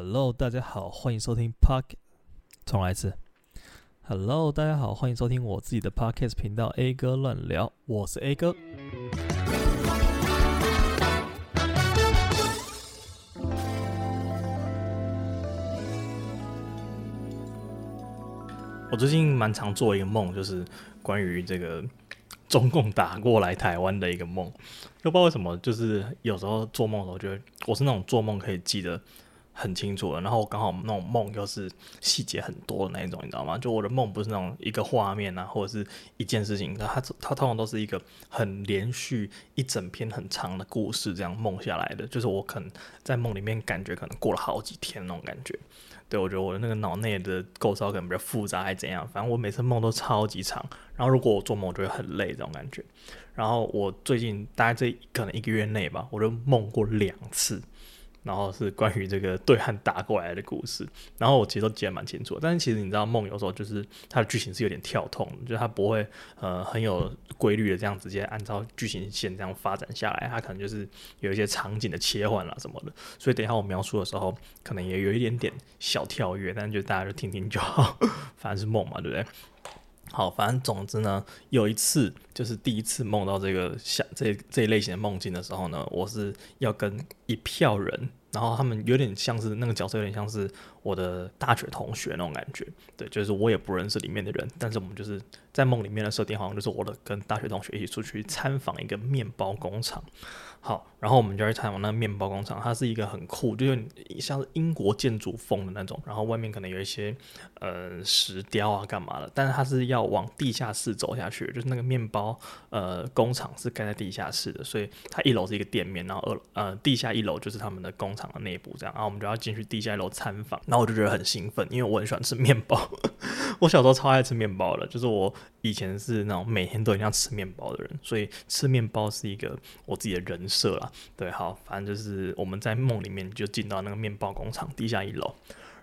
Hello，大家好，歡迎收聽 Podcast。重來一次。Hello，大家好，歡迎收聽我自己的 Podcast 頻道，A 哥亂聊，我是 A 哥。我最近蠻常做一個夢，就是關於這個中共打過來台灣的一個夢。就不知道為什麼，就是有時候做夢的時候，我覺得我是那種做夢可以記得。很清楚了，然後我剛好那種夢又是細節很多的那一種，你知道嗎？就我的夢不是那種一個畫面啊，或者是一件事情，它它,它通常都是一個很連續一整篇很長的故事這樣夢下來的。就是我可能在夢裡面感覺可能過了好幾天那種感覺。對我覺得我的那個腦內的構造可能比較複雜，還怎樣？反正我每次夢都超級長，然後如果我做夢，我覺得很累這種感覺。然後我最近大概這可能一個月內吧，我就夢過兩次。然後是關於這個對岸打過來的故事，然後我其實都記得蠻清楚。但是其實你知道夢有時候，就是它的劇情是有點跳動，就是它不會呃很有規律的這樣直接按照劇情線這樣發展下來，它可能就是有一些場景的切換啦、啊、什麼的。所以等一下我描述的時候，可能也有一點點小跳躍，但是就大家就聽聽就好，反正是夢嘛，對不對？好，反正總之呢，有一次就是第一次夢到這個像這這一類型的夢境的時候呢，我是要跟一票人。然後他們有點像是那個角色，有點像是。我的大學同學那種感覺，對，就是我也不認識裡面的人，但是我們就是在夢裡面的設定，好像就是我的跟大學同學一起出去參訪一個麵包工廠。好，然後我們就要去參訪那個麵包工廠，它是一個很酷，就是像是英國建築風的那種，然後外面可能有一些呃石雕啊幹嘛的，但是它是要往地下室走下去，就是那個麵包呃工廠是蓋在地下室的，所以它一樓是一個店面，然後二呃地下一樓就是他們的工廠的內部這樣，然後我們就要進去地下一樓參訪，我就覺得很興奮，因為我很喜歡吃麵包。 我小時候超愛吃麵包的，就是我以前是那種每天都一定要吃麵包的人，所以吃麵包是一個我自己的人設啦。對，好，反正就是我們在夢裡面就進到那個麵包工廠地下一樓。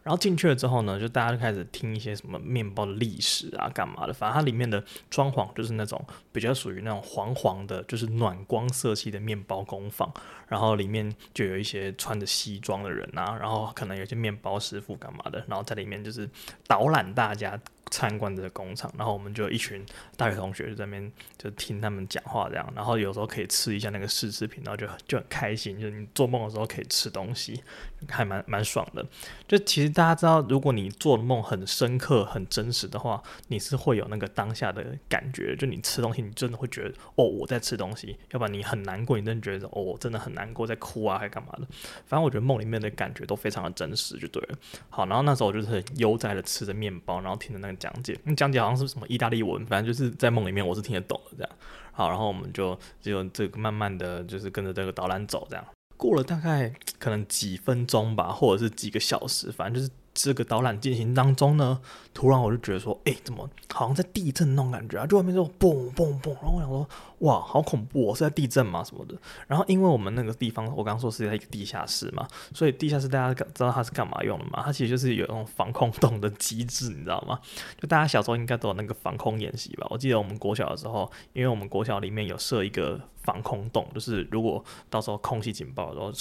然後進去了之後呢，就大家就開始聽一些什麼麵包的歷史啊，幹嘛的。反正它裡面的裝潢就是那種比較屬於那種黃黃的，就是暖光色系的麵包工坊。然後裡面就有一些穿着西裝的人啊，然後可能有些麵包師傅幹嘛的，然後在裡面就是導覽大家。參觀的工廠，然後我們就一群大學同學就在那邊就聽他們講話這樣，然後有時候可以吃一下那個試吃品，然後就就很開心，就是你做夢的時候可以吃東西，還蠻蠻爽的。就其實大家知道，如果你做的夢很深刻、很真實的話，你是會有那個當下的感覺，就你吃東西，你真的會覺得哦我在吃東西，要不然你很難過，你真的覺得哦我真的很難過，在哭啊還幹嘛的。反正我覺得夢裡面的感覺都非常的真實，就對了。好，然後那時候我就是很悠哉的吃着麵包，然後聽着那個。講解，那講解好像是什麼意大利文，反正就是在夢裡面我是聽得懂的這樣。好，然後我們就就這個慢慢的就是跟着這個導覽走這樣。過了大概可能幾分鐘吧，或者是幾個小時，反正就是。這個導覽進行當中呢，突然我就覺得說，誒、欸，怎麼好像在地震那種感覺啊？就外面這種嘣嘣嘣，然後我想說，哇，好恐怖！哦！是在地震嗎？什麼的？然後因為我們那個地方，我剛說是在一個地下室嘛，所以地下室大家知道它是幹嘛用的嘛？它其實就是有那種防空洞的機制，你知道嗎？就大家小時候應該都有那個防空演習吧？我記得我們國小的時候，因為我們國小裡面有設一個防空洞，就是如果到時候空氣警報的時候，然後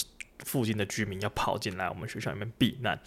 附近的居民要跑進來我們學校裡面避難。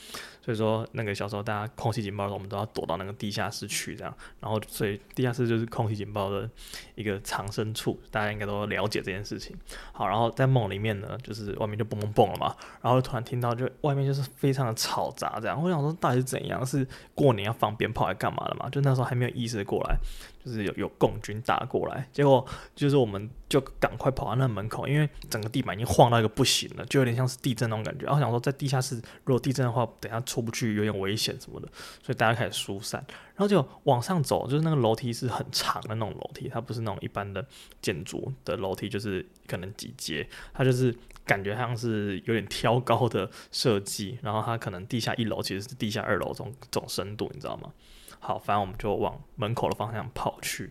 所以說，那個小時候大家空襲警報的時候，我們都要躲到那個地下室去，這樣。然後，所以地下室就是空襲警報的一個藏身處，大家應該都了解這件事情。好，然後在夢裡面呢，就是外面就嘣嘣嘣了嘛，然後就突然聽到就外面就是非常的嘈雜，這樣。我想說，到底是怎樣？是過年要放鞭炮還幹嘛了嘛？就那時候還沒有意識過來，就是有有共軍打過來，結果就是我們就趕快跑到那個門口，因為整個地板已經晃到一個不行了，就有點像是地震那種感覺。然後想說，在地下室如果地震的話，等下出。出不去，有點危險什麼的，所以大家開始疏散，然後就往上走，就是那個樓梯是很長的那種樓梯，它不是那種一般的建築的樓梯，就是可能幾階，它就是感覺像是有點挑高的設計，然後它可能地下一樓其實是地下二樓這種這種深度，你知道嗎？好，反正我們就往門口的方向跑去。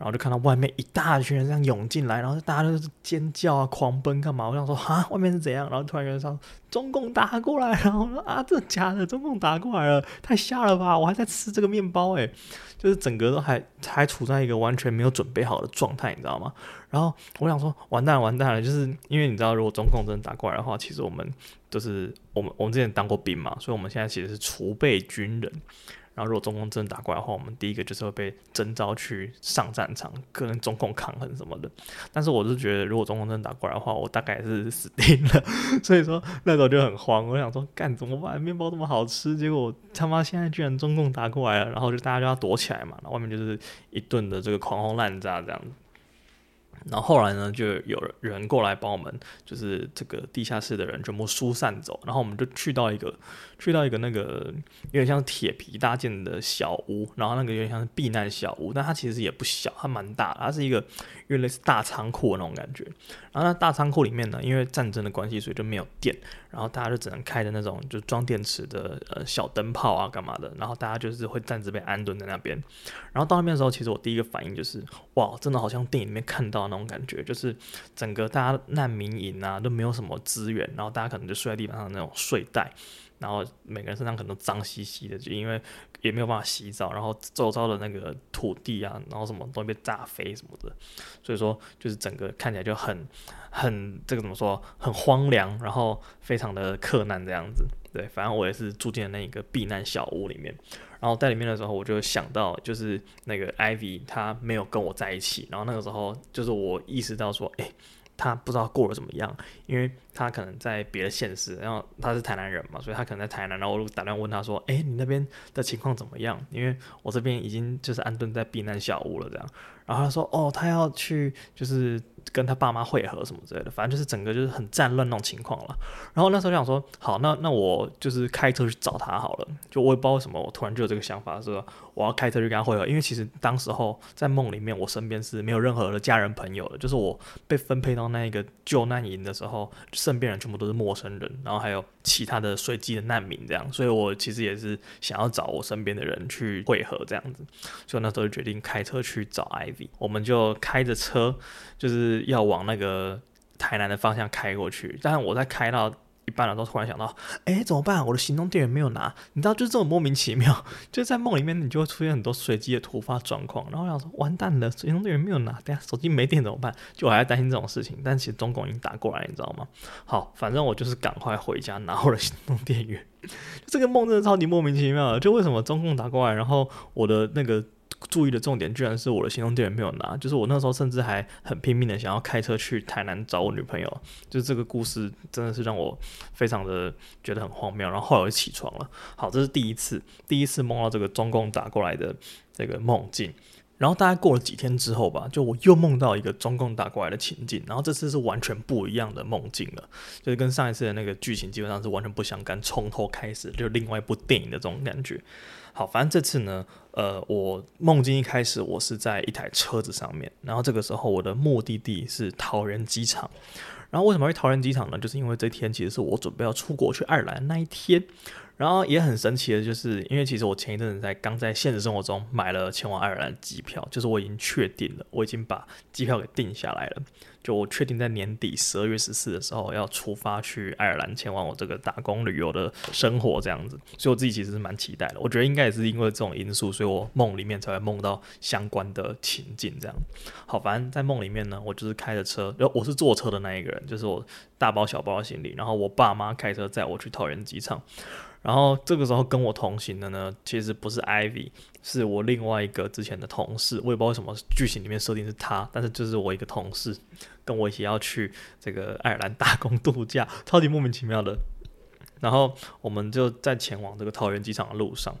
然後就看到外面一大群人這樣湧進來，然後大家都是尖叫啊、狂奔，幹嘛？我想說啊，外面是怎樣？然後突然有人說中共打過來了。我說啊，真的假的？中共打過來了？太嚇了吧！我還在吃這個麵包誒、欸。就是整個都還還處在一個完全沒有準備好的狀態，你知道嗎？然後我想說完蛋了，完蛋了，就是因為你知道，如果中共真的打過來的話，其實我們就是我們我們之前當過兵嘛，所以我們現在其實是儲備軍人。然後如果中共真的打過來的話，我們第一個就是會被徵召去上戰場，跟中共抗衡什麼的。但是我是覺得，如果中共真的打過來的話，我大概是死定了。所以說那時候就很慌，我想說幹，怎麼辦？麵包這麼好吃，結果他媽現在居然中共打過來了，然後就大家就要躲起來嘛。然後外面就是一頓的這個狂轟濫炸這樣子。然後後來呢，就有人過來幫我們，就是這個地下室的人全部疏散走。然後我們就去到一個，去到一個那個有點像鐵皮搭建的小屋，然後那個有點像是避難小屋，但它其實也不小，它蠻大，它是一個因為類似大倉庫的那種感覺。然後那大倉庫裡面呢，因為戰爭的關係，所以就沒有電，然後大家就只能開着那種就裝電池的呃小燈泡啊幹嘛的。然後大家就是會暫時被安頓在那邊。然後到那邊的時候，其實我第一個反應就是，哇，真的好像電影裡面看到。那種感覺就是，整個大家難民營啊都沒有什麼資源，然後大家可能就睡在地板上的那種睡袋。然後每個人身上可能都髒兮兮的，就因為也沒有辦法洗澡，然後周遭的那個土地啊，然後什麼東西被炸飛什麼的，所以說就是整個看起來就很很這個怎麼說，很荒涼，然後非常的困難這樣子。對，反正我也是住進了那一個避難小屋裡面，然後在裡面的時候，我就想到就是那個 Ivy 他沒有跟我在一起，然後那個時候就是我意識到說，哎。他不知道過得怎麼樣，因為他可能在別的縣市，然後他是台南人嘛，所以他可能在台南。然後我打電話問他說：“哎、欸，你那邊的情況怎麼樣？”因為我這邊已經就是安頓在避難小屋了，這樣。然後他說：“哦，他要去，就是跟他爸媽會合什麼之類的，反正就是整個就是很戰亂那種情況了。”然後那時候就想說：“好，那那我就是開車去找他好了。”就我也不知道為什麼，我突然就有這個想法，說我要開車去跟他會合。因為其實當時候在夢裡面，我身邊是沒有任何的家人朋友的，就是我被分配到那一個救難營的時候，身邊人全部都是陌生人，然後還有其他的隨機的難民這樣。所以我其實也是想要找我身邊的人去會合這樣子，所以那時候就決定開車去找埃。我們就開着車，就是要往那個台南的方向開過去。但我在開到一半的時候，突然想到，哎，怎麼辦？我的行動電源沒有拿，你知道，就是這種莫名其妙，就是、在夢裡面你就會出現很多隨機的突發狀況。然後我想說，完蛋了，行動電源沒有拿，等下手機沒電怎麼辦？就我還擔心這種事情。但其實中共已經打過來，你知道嗎？好，反正我就是趕快回家拿我的行動電源。這個夢真的超級莫名其妙，就為什麼中共打過來，然後我的那個。注意的重點居然是我的行動電源沒有拿，就是我那時候甚至還很拼命的想要開車去台南找我女朋友，就是這個故事真的是讓我非常的覺得很荒謬，然後後來我就起床了。好，這是第一次，第一次夢到這個中共打過來的這個夢境。然後大概過了幾天之後吧，就我又夢到一個中共打過來的情景，然後這次是完全不一樣的夢境了，就是跟上一次的那個劇情基本上是完全不相干，從頭開始就是另外一部電影的這種感覺。好，反正這次呢，呃，我夢境一開始我是在一台車子上面，然後這個時候我的目的地是桃園機場，然後為什麼會桃園機場呢？就是因為這天其實是我準備要出國去愛爾蘭那一天。然後也很神奇的，就是因為其實我前一陣子在剛在現實生活中買了前往愛爾蘭機票，就是我已經確定了，我已經把機票給定下來了，就我確定在年底十二月十四的時候要出發去愛爾蘭，前往我這個打工旅遊的生活這樣子。所以我自己其實是蠻期待的，我覺得應該也是因為這種因素，所以我夢裡面才會夢到相關的情境這樣。好，反正在夢裡面呢，我就是開着車，然後我是坐車的那一個人，就是我。大包小包的行李，然後我爸媽開車載我去桃園機場，然後這個時候跟我同行的呢，其實不是 Ivy，是我另外一個之前的同事，我也不知道為什麼劇情裡面設定是他，但是就是我一個同事跟我一起要去這個愛爾蘭打工度假，超級莫名其妙的。然後我們就在前往這個桃園機場的路上，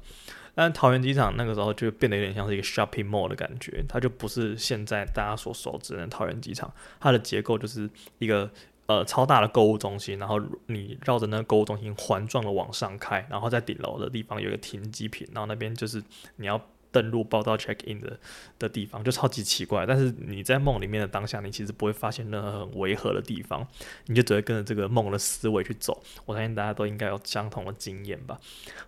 但桃園機場那個時候就變得有點像是一個 shopping mall 的感覺，它就不是現在大家所熟知的桃園機場，它的結構就是一個。呃，超大的購物中心，然後你繞着那個購物中心環狀的往上開，然後在頂樓的地方有一個停機坪，然後那邊就是你要。登錄報到 check in 的的地方就超級奇怪，但是你在夢裡面的當下，你其實不會發現任何很違和的地方，你就只會跟着這個夢的思維去走。我相信大家都應該有相同的經驗吧。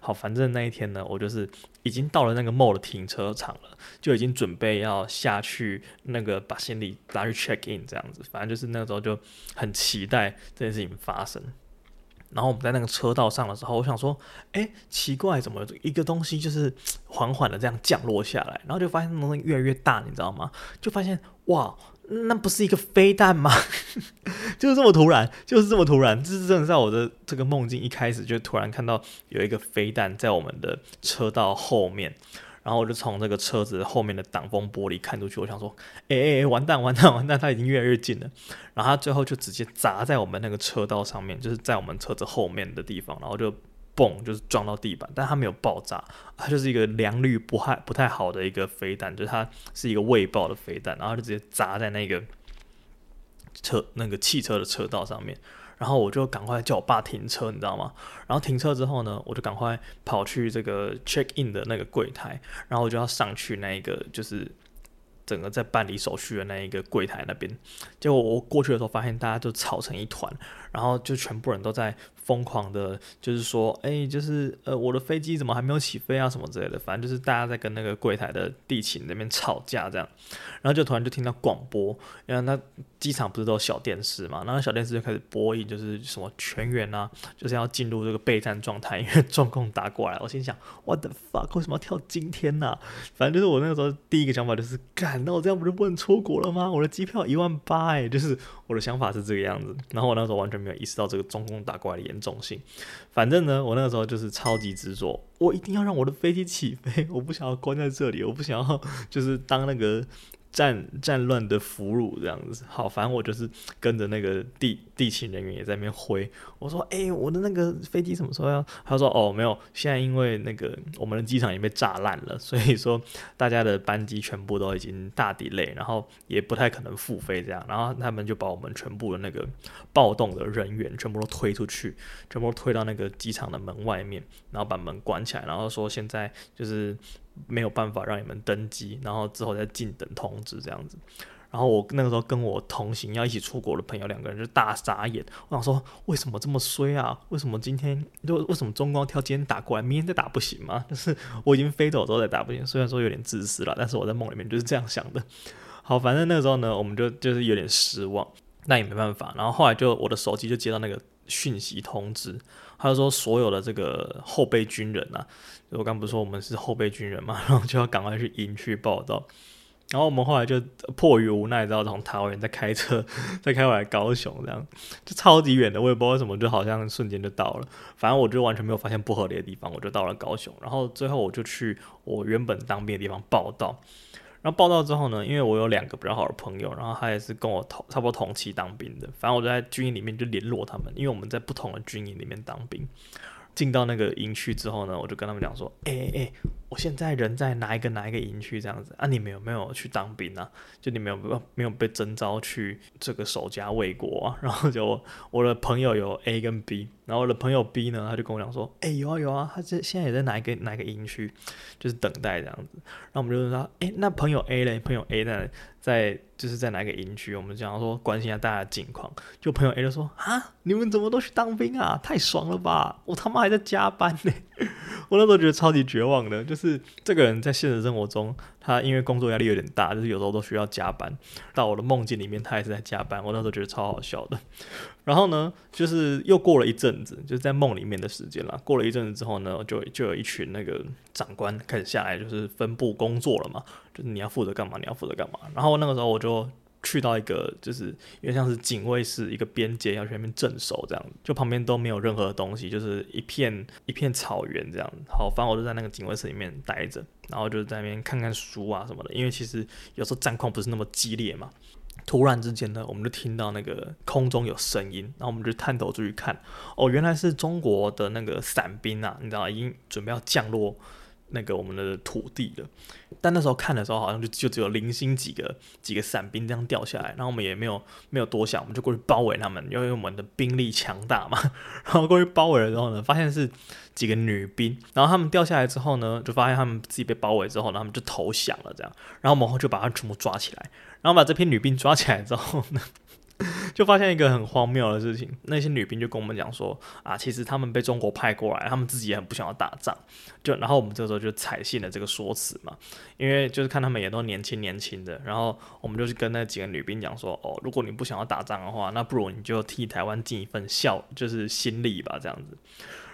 好，反正那一天呢，我就是已經到了那個夢的停車場了，就已經準備要下去那個把行李拿去 check in 這樣子。反正就是那個時候就很期待這件事情發生。然後我們在那個車道上的時候，我想說，哎，奇怪，怎麼一個東西就是緩緩的這樣降落下來？然後就發現那東西越來越大，你知道嗎？就發現哇，那不是一個飛彈嗎？ 就是這麼突然，就是這麼突然，這是真的，在我的這個夢境一開始就突然看到有一個飛彈在我們的車道後面。然後我就從那個車子後面的擋風玻璃看出去，我想說，哎哎哎，完蛋完蛋完蛋，它已經越來越近了。然後它最後就直接砸在我們那個車道上面，就是在我們車子後面的地方，然後就嘣，就是撞到地板，但它沒有爆炸，它就是一個良率不太不太好的一個飛彈，就是它是一個未爆的飛彈，然後就直接砸在那個車那個汽車的車道上面。然後我就趕快叫我爸停車，你知道嗎？然後停車之後呢，我就趕快跑去這個 check in 的那個櫃檯，然後我就要上去那一個就是整個在辦理手續的那一個櫃檯那邊。結果我過去的時候，發現大家就吵成一團，然後就全部人都在。瘋狂的，就是說，哎、欸，就是呃，我的飛機怎麼還沒有起飛啊，什麼之類的，反正就是大家在跟那個櫃台的地勤那邊吵架這樣，然後就突然就聽到廣播，然後那機場不是都有小電視嘛，然後小電視就開始播音，就是什麼全員啊，就是要進入這個備戰狀態，因為中共打過來，我心想，What the 我的 fuck，為什麼要跳今天吶，啊？反正就是我那個時候第一個想法就是，幹，那我這樣不就不能出國了嗎？我的機票一萬八，哎，就是我的想法是這個樣子，然後我那時候完全沒有意識到這個中共打過來。很重性，反正呢，我那個時候就是超級執着，我一定要讓我的飛機起飛，我不想要關在這裡，我不想要就是當那個。戰戰亂的俘虜這樣子，好，反正我就是跟着那個地地勤人員也在那邊揮。我說：“哎、欸，我的那個飛機什麼時候要？”他說：“哦，沒有，現在因為那個我們的機場也被炸爛了，所以說大家的班機全部都已經大 delay，然後也不太可能復飛這樣。然後他們就把我們全部的那個暴動的人員全部都推出去，全部推到那個機場的門外面，然後把門關起來，然後說現在就是。”沒有辦法讓你們登機，然後之後再靜等通知這樣子。然後我那個時候跟我同行要一起出國的朋友兩個人就大傻眼，我想說為什麼這麼衰啊？為什麼今天就為什麼中共要挑今天打過來，明天再打不行嗎？就是我已經飛走之後再打不行，雖然說有點自私啦，但是我在夢裡面就是這樣想的。好，反正那個時候呢，我們就就是有點失望，那也沒辦法。然後後來就我的手機就接到那個訊息通知。他說：“所有的這個後備軍人吶、啊，我剛不是說我們是後備軍人嘛，然後就要趕快去營區報到。然後我們後來就迫於無奈，只好從桃園再開車，再開回來高雄，這樣就超級遠的。我也不知道為什麼，就好像瞬間就到了。反正我就完全沒有發現不合理的地方，我就到了高雄。然後最後我就去我原本當兵的地方報到。”然後報到之後呢，因為我有兩個比較好的朋友，然後他也是跟我同差不多同期當兵的，反正我就在軍營裡面就聯絡他們，因為我們在不同的軍營裡面當兵。進到那個營區之後呢，我就跟他們講說，哎哎哎。欸我現在人在哪一個哪一個營區這樣子啊？你們有沒有去當兵呢、啊？就你們有沒有沒有被徵召去這個守家衛國啊？然後就我的朋友有 A 跟 B，然後我的朋友 B 呢，他就跟我講說，哎、欸，有啊有啊，他這現在也在哪一個哪一個營區，就是等待這樣子。然後我們就說，哎、欸，那朋友 A 嘞，朋友 A 呢，在就是在哪個營區？我們講說關心一下大家的近況。就朋友 A 就說，啊，你們怎麼都去當兵啊？太爽了吧！我他媽還在加班呢。 我那時候覺得超級絕望的，就是。是這個人在現實生活中，他因為工作壓力有點大，就是有時候都需要加班。到我的夢境裡面，他也是在加班。我那時候覺得超好笑的。然後呢，就是又過了一陣子，就是在夢裡面的時間了。過了一陣子之後呢，就就有一群那個長官開始下來，就是分佈工作了嘛，就是你要負責幹嘛，你要負責幹嘛。然後那個時候我就。去到一個就是因為像是警衛室一個邊界，要去那邊鎮守這樣，就旁邊都沒有任何東西，就是一片一片草原這樣。好，反正我就在那個警衛室裡面待着，然後就在那邊看看書啊什麼的。因為其實有時候戰況不是那麼激烈嘛。突然之間呢，我們就聽到那個空中有聲音，然後我們就探頭出去看，哦，原來是中國的那個傘兵啊，你知道，已經準備要降落那個我們的土地了。但那時候看的時候，好像就就只有零星幾個幾個傘兵這樣掉下來，然後我們也沒有沒有多想，我們就過去包圍他們，因為我們的兵力強大嘛。然後過去包圍了之後呢，發現是幾個女兵，然後他們掉下來之後呢，就發現他們自己被包圍之後呢，呢他們就投降了，這樣。然後我們後就把他全部抓起來，然後把這批女兵抓起來之後呢。就發現一個很荒謬的事情，那些女兵就跟我們講說啊，其實他們被中國派過來，他們自己也很不想要打仗。就然後我們這時候就採信了這個說辭嘛，因為就是看他們也都年輕年輕的，然後我們就去跟那幾個女兵講說，哦，如果你不想要打仗的話，那不如你就替台灣盡一份孝，就是心力吧，這樣子。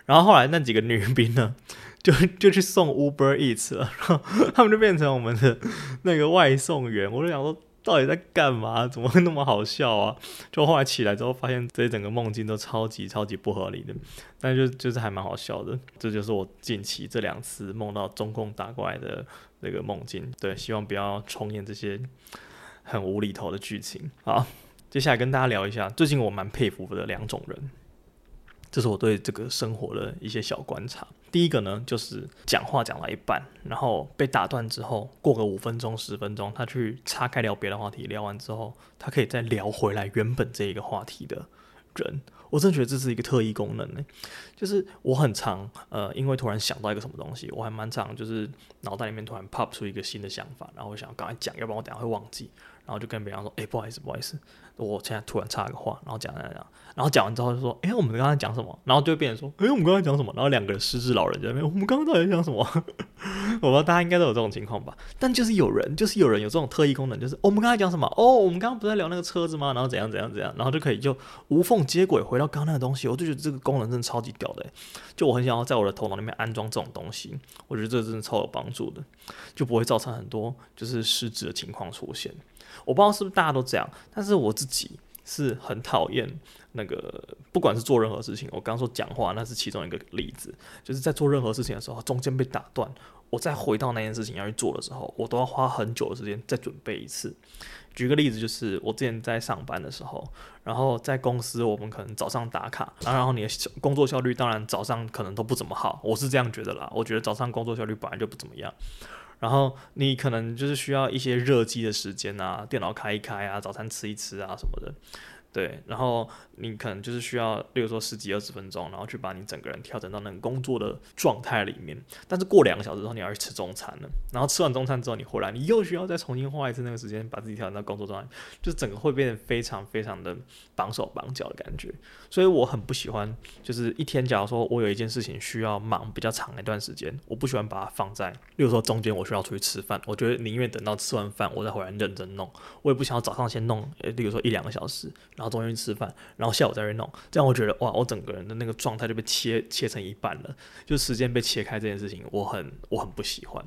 然後後來那幾個女兵呢，就就去送 Uber Eats 了，然後他們就變成我們的那個外送員，我就想說。到底在幹嘛？怎麼會那麼好笑啊？就後來起來之後，發現這整個夢境都超級超級不合理的，但就就是還蠻好笑的。這就是我近期這兩次夢到中共打過來的那個夢境。對，希望不要重演這些很無厘頭的劇情。好，接下來跟大家聊一下最近我蠻佩服的兩種人。這是我對這個生活的一些小觀察。第一個呢，就是講話講到一半，然後被打斷之後，過個五分鐘、十分鐘，他去岔開聊別的話題，聊完之後，他可以再聊回來原本這一個話題的人。我真的覺得這是一個特異功能呢。就是我很常，呃，因為突然想到一個什麼東西，我還蠻常，就是腦袋裡面突然 pop 出一個新的想法，然後我想要趕快講，要不然我等下會忘記。然後就跟別人說：“哎、欸，不好意思，不好意思，我現在突然插個話。”然後講講講，然後講完之後就說：“哎、欸，我們剛才講什麼？”然後就變成說：“哎、欸，我們剛才講什麼？”然後兩個人失智老人家在那邊：“我們剛剛到底在講什麼？” 我不知道大家應該都有這種情況吧？但就是有人，就是有人有這種特異功能，就是、哦、我們剛才講什麼？哦，我們剛剛不是在聊那個車子嗎？然後怎樣怎樣怎樣？然後就可以就無縫接軌回到剛剛那個東西。我就覺得這個功能真的超級屌的、欸，就我很想要在我的頭腦裡面安裝這種東西。我覺得這真的超有幫助的，就不會造成很多就是失智的情況出現。我不知道是不是大家都這樣，但是我自己是很討厭那個，不管是做任何事情，我剛剛說講話，那是其中一個例子，就是在做任何事情的時候，中間被打斷，我再回到那件事情要去做的時候，我都要花很久的時間再準備一次。舉個例子，就是我之前在上班的時候，然後在公司，我們可能早上打卡，然後你的工作效率當然早上可能都不怎麼好，我是這樣覺得啦。我覺得早上工作效率本來就不怎麼樣。然後你可能就是需要一些熱機的時間啊，電腦開一開啊，早餐吃一吃啊什麼的。對，然後你可能就是需要，例如說十幾二十分鐘，然後去把你整個人調整到那個工作的狀態裡面。但是過兩個小時之後你要去吃中餐了，然後吃完中餐之後你回來，你又需要再重新花一次那個時間把自己調整到工作狀態，就是、整個會變得非常非常的綁手綁腳的感覺。所以我很不喜歡，就是一天，假如說我有一件事情需要忙比較長的一段時間，我不喜歡把它放在，例如說中間我需要出去吃飯，我覺得寧願等到吃完飯我再回來認真弄，我也不想要早上先弄，例如說一兩個小時。然後中間吃飯，然後下午再去弄，這樣我覺得哇，我整個人的那個狀態就被切切成一半了，就時間被切開這件事情，我很我很不喜歡。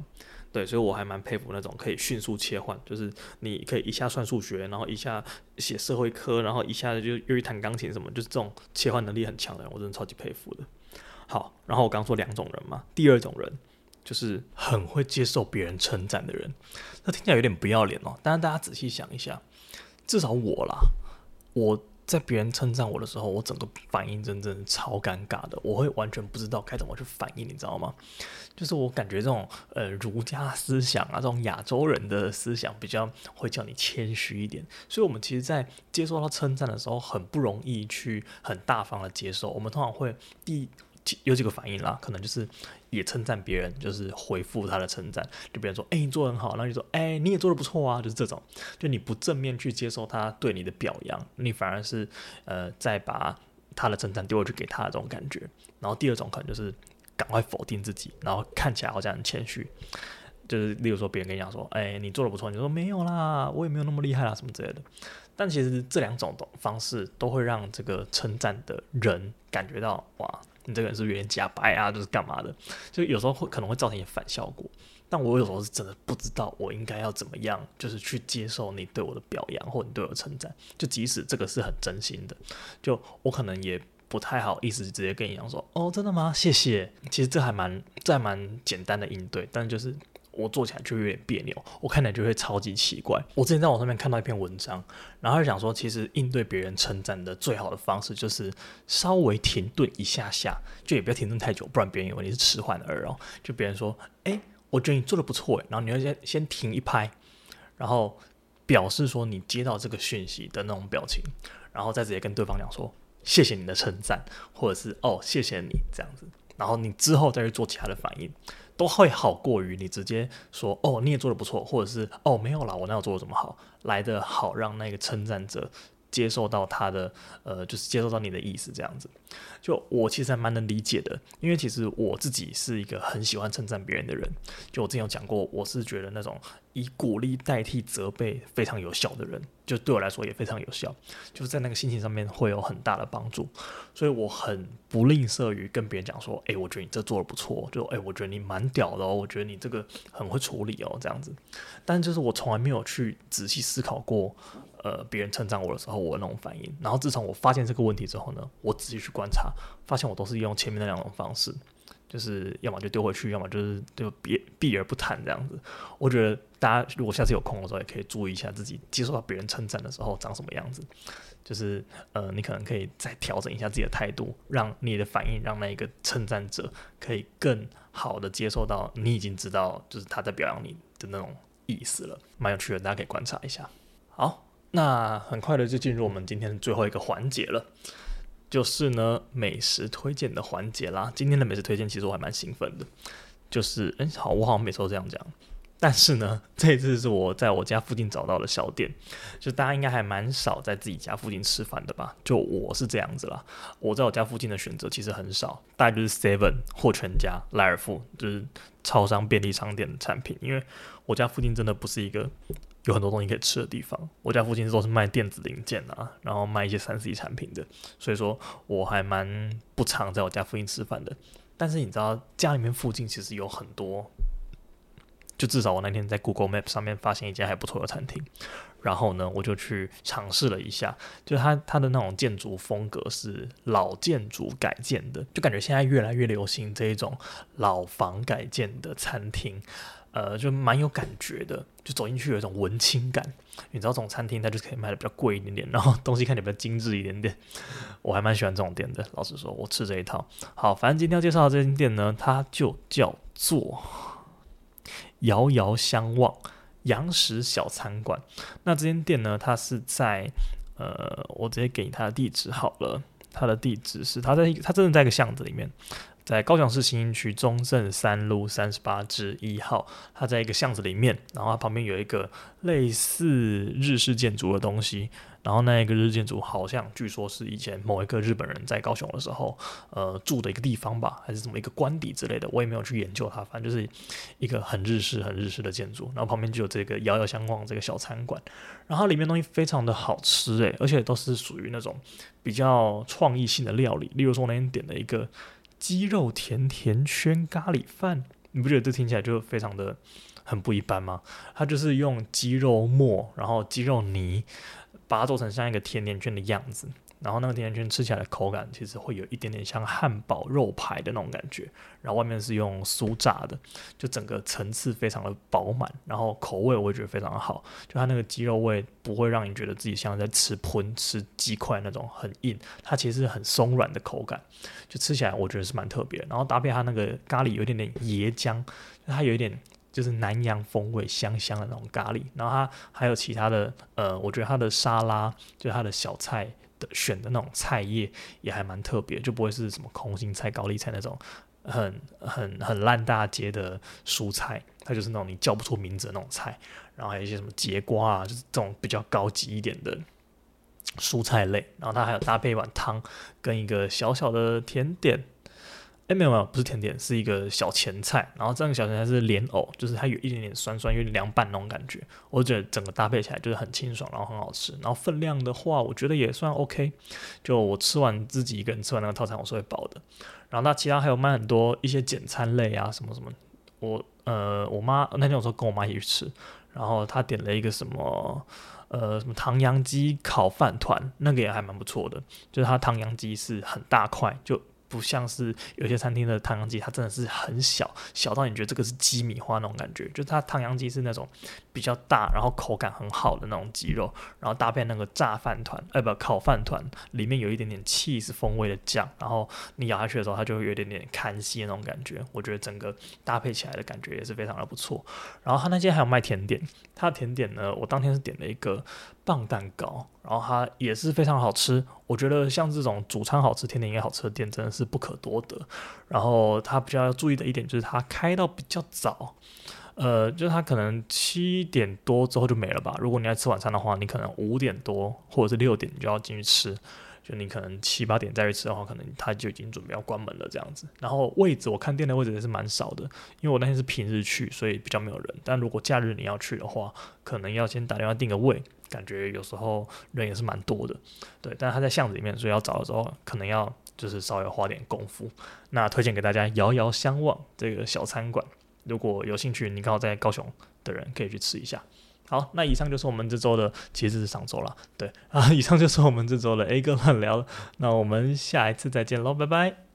對，所以我還蠻佩服那種可以迅速切換，就是你可以一下算數學，然後一下寫社會科，然後一下子就又去彈鋼琴什麼，就是這種切換能力很強的人，我真的超級佩服的。好，然後我剛剛說兩種人嘛，第二種人就是很會接受別人稱讚的人，那聽起來有點不要臉哦。但是大家仔細想一下，至少我啦。我在別人稱讚我的時候，我整個反應真正超尷尬的，我會完全不知道該怎麼去反應，你知道嗎？就是我感覺這種呃儒家思想啊，這種亞洲人的思想比較會叫你謙虛一點，所以我們其實在接受到稱讚的時候，很不容易去很大方的接受，我們通常會第。有幾個反應啦，可能就是也稱讚別人，就是回覆他的稱讚，就別人說，欸，你做得很好，那就說，欸，你也做得不錯啊，就是這種，就你不正面去接受他對你的表揚，你反而是呃在把他的稱讚丟過去給他的這種感覺。然後第二種可能就是趕快否定自己，然後看起來好像很謙虛，就是例如說別人跟你講說，欸，你做得不錯，你說沒有啦，我也沒有那麼厲害啦，什麼之類的。但其實這兩種方式都會讓這個稱讚的人感覺到，哇。你這個人是，不是有點假掰啊？就是幹嘛的？就有時候會可能會造成一點反效果。但我有時候是真的不知道我應該要怎麼樣，就是去接受你對我的表揚或你對我稱讚。就即使這個是很真心的，就我可能也不太好意思直接跟你講說，哦，真的嗎？謝謝。其實這還蠻這還蠻簡單的應對，但是就是。我做起來就有點彆扭，我看起來就會超級奇怪。我之前在網上面看到一篇文章，然後就想說，其實應對別人稱讚的最好的方式就是稍微停頓一下下，就也不要停頓太久，不然別人以為你是遲緩而哦。就別人說，誒、欸，我覺得你做的不錯，欸，然後你要先先停一拍，然後表示說你接到這個訊息的那種表情，然後再直接跟對方講說謝謝你的稱讚，或者是哦謝謝你這樣子，然後你之後再去做其他的反應。都會好過於你直接說哦，你也做的不錯，或者是哦沒有啦，我哪有做的這麼好，來的好讓那個稱讚者，接受到他的，呃，就是接受到你的意思這樣子，就我其實還蠻能理解的，因為其實我自己是一個很喜歡稱讚別人的人，就我之前有講過，我是覺得那種以鼓勵代替責備非常有效的人，就對我來說也非常有效，就是在那個心情上面會有很大的幫助，所以我很不吝嗇於跟別人講說，欸，我覺得你這做得不錯，就欸，我覺得你蠻屌的哦，我覺得你這個很會處理哦，這樣子，但就是我從來沒有去仔細思考過。呃，別人稱讚我的時候，我那種反應。然後自從我發現這個問題之後呢，我仔細去觀察，發現我都是用前面那兩種方式，就是要麼就丟回去，要麼就是就別避而不談這樣子。我覺得大家如果下次有空的時候，也可以注意一下自己接受到別人稱讚的時候長什麼樣子。就是呃，你可能可以再調整一下自己的態度，讓你的反應讓那一個稱讚者可以更好的接受到你已經知道，就是他在表揚你的那種意思了。蠻有趣的，大家可以觀察一下。好。那很快的就進入我們今天的最後一個環節了，就是呢，美食推薦的環節啦。今天的美食推薦其實我還蠻興奮的，就是誒，好，我好像每次都這樣講，但是呢，這一次是我在我家附近找到的小店，就大家應該還蠻少在自己家附近吃飯的吧？就我是這樣子啦，我在我家附近的選擇其實很少，大概就是 Seven 或全家、萊爾富，就是超商便利商店的產品，因為我家附近真的不是一個。有很多東西可以吃的地方。我家附近都是賣電子零件啊，然後賣一些三 C 產品的，所以說我還蠻不常在我家附近吃飯的。但是你知道，家裡面附近其實有很多，就至少我那天在 Google Map 上面發現一家還不錯的餐廳，然後呢，我就去嘗試了一下。就它它的那種建築風格是老建築改建的，就感覺現在越來越流行這一種老房改建的餐廳。呃，就蠻有感覺的，就走進去有一種文青感。你知道，這種餐廳它就可以賣的比較貴一點點，然後東西看起來比較精緻一點點。我還蠻喜歡這種店的，老實說，我吃這一套。好，反正今天要介紹的這間店呢，它就叫做遙遙相望洋食小餐館。那這間店呢，它是在呃，我直接給你它的地址好了。它的地址是它在，它真的在一個巷子裡面。在高雄市新興區中正三路三十八之一號，它在一個巷子裡面，然後它旁邊有一個類似日式建築的東西，然後那一個日式建築好像據說是以前某一個日本人在高雄的時候，呃，住的一個地方吧，還是怎麼一個官邸之類的，我也沒有去研究它，反正就是一個很日式、很日式的建築，然後旁邊就有這個遙遙相望這個小餐館，然後它裡面的東西非常的好吃，誒，而且都是屬於那種比較創意性的料理，例如說我那天點了一個。雞肉甜甜圈咖喱飯，你不覺得這聽起來就非常的很不一般嗎？它就是用雞肉末，然後雞肉泥，把它做成像一個甜甜圈的樣子。然後那個甜甜圈吃起來的口感其實會有一點點像漢堡肉排的那種感覺，然後外面是用酥炸的，就整個層次非常的飽滿，然後口味我也覺得非常的好，就它那個雞肉味不會讓你覺得自己像在吃噴吃雞塊那種很硬，它其實很鬆軟的口感，就吃起來我覺得是蠻特別。然後搭配它那個咖喱有一點點椰漿，它有一點就是南洋風味香香的那種咖喱，然後它還有其他的呃，我覺得它的沙拉就是它的小菜。的選的那種菜葉也還蠻特別，就不會是什麼空心菜、高麗菜那種很很很爛大街的蔬菜，它就是那種你叫不出名字的那種菜，然後還有一些什麼節瓜啊，就是這種比較高級一點的蔬菜類，然後它還有搭配一碗湯跟一個小小的甜點。誒，沒有沒有，不是甜點，是一個小前菜，然後這個小前菜是蓮藕，就是它有一點點酸酸，有點涼拌那種感覺。我覺得整個搭配起來就是很清爽，然後很好吃。然後分量的話，我覺得也算 OK。就我吃完自己一個人吃完那個套餐，我是會飽的。然後那其他還有賣很多一些簡餐類啊，什麼什麼，我呃，我媽那天我說跟我媽一起去吃，然後她點了一個什麼呃，什麼唐揚雞烤飯糰，那個也還蠻不錯的，就是她唐揚雞是很大塊，就。不像是有些餐廳的唐揚雞，它真的是很小，小到你覺得這個是雞米花那種感覺。就它唐揚雞是那種比較大，然後口感很好的那種雞肉，然後搭配那個炸飯糰，呃，不烤飯糰，裡面有一點點 cheese 風味的醬，然後你咬下去的時候，它就會有一點點 cheesy 那種感覺。我覺得整個搭配起來的感覺也是非常的不錯。然後它那些還有賣甜點。它的甜點呢，我當天是點了一個棒蛋糕，然後它也是非常好吃。我覺得像這種主餐好吃，甜點也好吃的店真的是不可多得。然後它比較要注意的一點就是它開到比較早，呃，就是它可能七點多之後就沒了吧。如果你要吃晚餐的話，你可能五點多或者是六點你就要進去吃。就你可能七八點再去吃的話，可能他就已經準備要關門了這樣子。然後位置我看店的位置也是蠻少的，因為我那天是平日去，所以比較沒有人。但如果假日你要去的話，可能要先打電話訂個位，感覺有時候人也是蠻多的。對，但他在巷子裡面，所以要找的時候可能要就是稍微花點功夫。那推薦給大家“遙遙相望”這個小餐館，如果有興趣，你剛好在高雄的人可以去吃一下。好，那以上就是我們這週的，其實是上週了，對啊，以上就是我們這週的 A 哥亂聊了，那我們下一次再見嘍，拜拜。